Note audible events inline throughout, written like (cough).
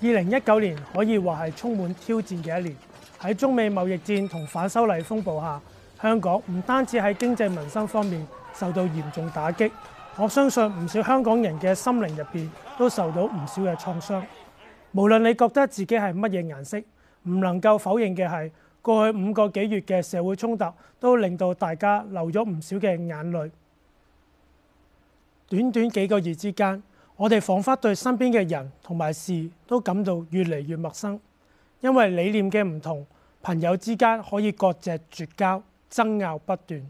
二零一九年可以話係充滿挑戰嘅一年。喺中美貿易戰同反修例風暴下，香港唔單止喺經濟民生方面受到嚴重打擊，我相信唔少香港人嘅心靈入邊都受到唔少嘅創傷。無論你覺得自己係乜嘢顏色，唔能夠否認嘅係，過去五個幾月嘅社會衝突都令到大家流咗唔少嘅眼淚。短短幾個月之間，我哋彷彿對身邊嘅人同埋事都感到越嚟越陌生，因為理念嘅唔同，朋友之間可以割席絕交、爭拗不斷。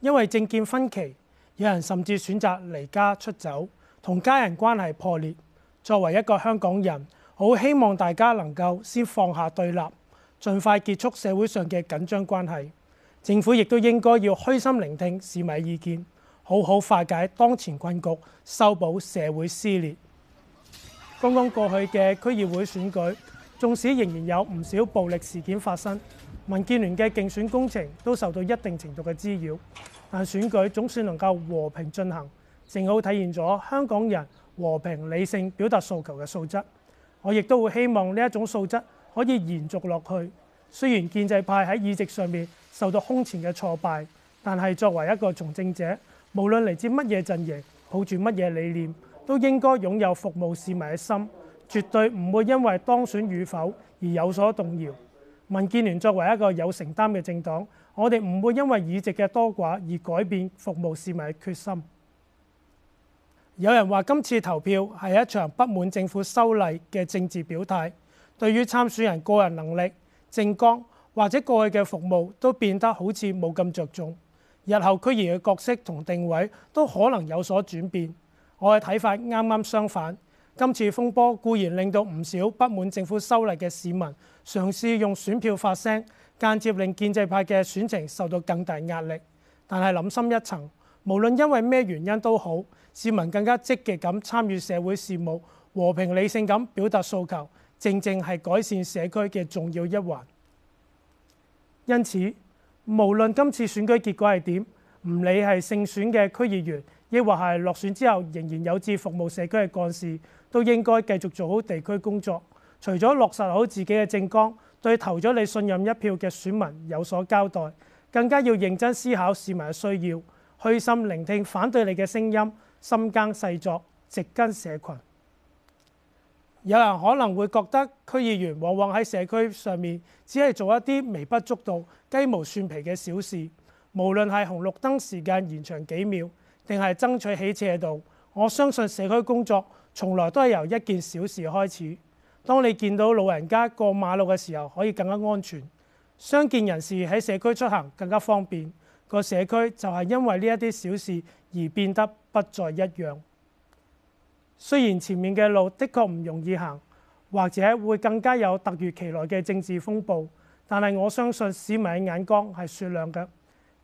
因為政見分歧，有人甚至選擇離家出走，同家人關係破裂。作為一個香港人，好希望大家能夠先放下對立，盡快結束社會上嘅緊張關係。政府亦都應該要虛心聆聽市民意見。好好化解當前困局，修補社會撕裂。剛剛過去嘅區議會選舉，縱使仍然有唔少暴力事件發生，民建聯嘅競選工程都受到一定程度嘅滋擾，但選舉總算能夠和平進行，正好體現咗香港人和平理性表達訴求嘅素質。我亦都會希望呢一種素質可以延續落去。雖然建制派喺議席上面受到空前嘅挫敗，但係作為一個從政者，無論嚟自乜嘢陣營，抱住乜嘢理念，都應該擁有服務市民嘅心，絕對唔會因為當選與否而有所動搖。民建聯作為一個有承擔嘅政黨，我哋唔會因為議席嘅多寡而改變服務市民嘅決心。 (noise) 有人話今次投票係一場不滿政府修例嘅政治表態，對於參選人個人能力、政綱或者過去嘅服務都變得好似冇咁着重。日後區議嘅角色同定位都可能有所轉變。我嘅睇法啱啱相反，今次風波固然令到唔少不滿政府修例嘅市民嘗試用選票發聲，間接令建制派嘅選情受到更大壓力。但係諗深一層，無論因為咩原因都好，市民更加積極咁參與社會事務，和平理性咁表達訴求，正正係改善社區嘅重要一環。因此，無論今次選舉結果係點，唔理係勝選嘅區議員，抑或係落選之後仍然有志服務社區嘅幹事，都應該繼續做好地區工作。除咗落實好自己嘅政綱，對投咗你信任一票嘅選民有所交代，更加要認真思考市民嘅需要，虛心聆聽反對你嘅聲音，心耕細作，植根社群。有人可能會覺得區議員往往喺社區上面只係做一啲微不足道、雞毛蒜皮嘅小事，無論係紅綠燈時間延長幾秒，定係爭取起斜度，我相信社區工作從來都係由一件小事開始。當你見到老人家過馬路嘅時候，可以更加安全，傷健人士喺社區出行更加方便。個社區就係因為呢一啲小事而變得不再一樣。雖然前面嘅路的確唔容易行，或者會更加有突如其來嘅政治風暴，但係我相信市民嘅眼光係雪亮嘅。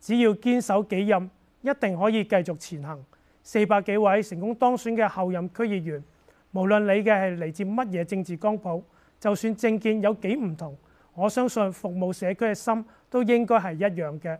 只要堅守己任，一定可以繼續前行。四百幾位成功當選嘅候任區議員，無論你嘅係嚟自乜嘢政治光譜，就算政見有幾唔同，我相信服務社區嘅心都應該係一樣嘅。